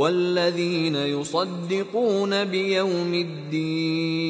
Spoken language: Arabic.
والذين يصدقون بيوم الدين